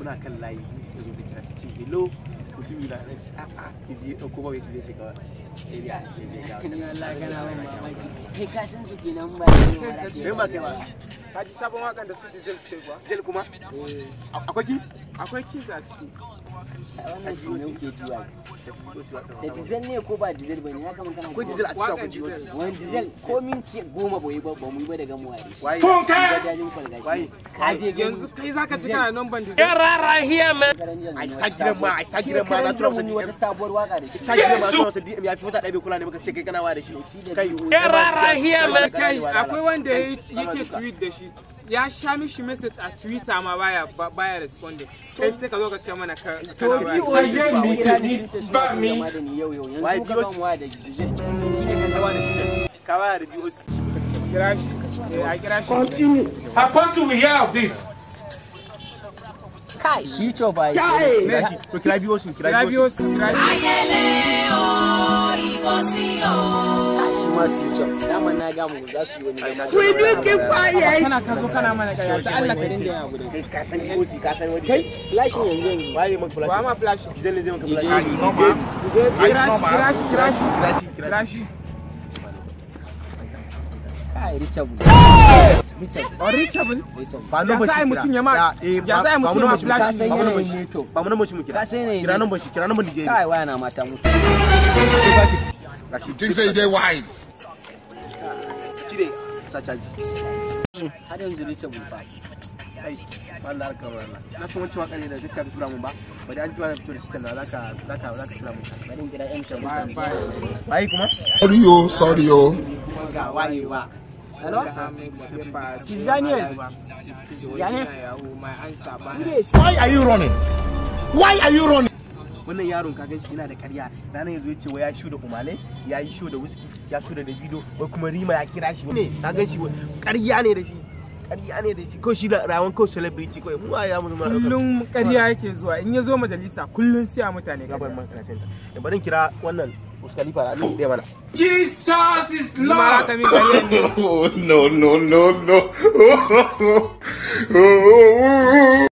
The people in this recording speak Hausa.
benarkan lain mesti lebih kreatif dulu kucing bila ni ah ah jadi aku bawa itu dia sekarang jadi ah jadi kalau nak nak nak kai ka san su kenan ba ke ba kai ba ka ji sabon wakan da su diesel suke kuma eh. akwai ki akwai ki za su wannan ne da dizel ne ko ba diesel bane ya kamata ko diesel a cika ku ji wasu wani ko minti goma ba yi ba mu yi ba daga mu waye to kai ka je yanzu kai zaka ci kana nan ban diesel yara rahiya man sa gidan ma ai sa gidan ma na tura musu wata sabuwar waka da sa gidan ma na tura DM ya fi fata kula ne baka ce kai kana wa da shi kai lahiya mai kai akwai wanda yake tweet da shi ya sha mishi message a twitter ma baya baya responde kai sai ka zo ka ce mana ka to bi o je mi ta ni ba mi yau bi yanzu ka ba mu da shi ne kan dawa da ka ba da kira shi eh, a kira shi continue how come to we hear of this kai shi to bai kai ne ki kira bi su kira biyo su kira biyo ma su yi can daman na gamu za su yi wani gamu ku yi dukin kwaye kana ka kana mana kaya ta Allah ka dinga ya gudu ka san koci ka san wani kai flashin yanzu yanzu waye maka flashin ba ma flashin zan ne zai maka flashin kirashi kirashi kirashi kirashi kirashi kai reachable reachable oh, ba nan bace mutum ya ma ya eh, za mutum ya flash ba nan bace ba nan bace mu kira kira nan bace kira nan bace kai waya na mata mutum gashi tun sai dai har yanzu ne ce na fito Why are you running? Why are you running? wannan yaron ka ganshi yana da ƙarya ranar yanzu ya ce wai ya shuda umale ya yi shuda whisky ya shuda da bido wai kuma rima ya kira shi ne ka ganshi ƙarya ne da shi ƙarya ne da shi ko shi da rawan ko celebrity ko mu a yamu ma kullun ƙarya yake zuwa in ya zo majalisa kullun sai a mutane ga man karashin ta eh, barin kira wannan uskalifa da Allah ya mana Jesus is Lord no no no no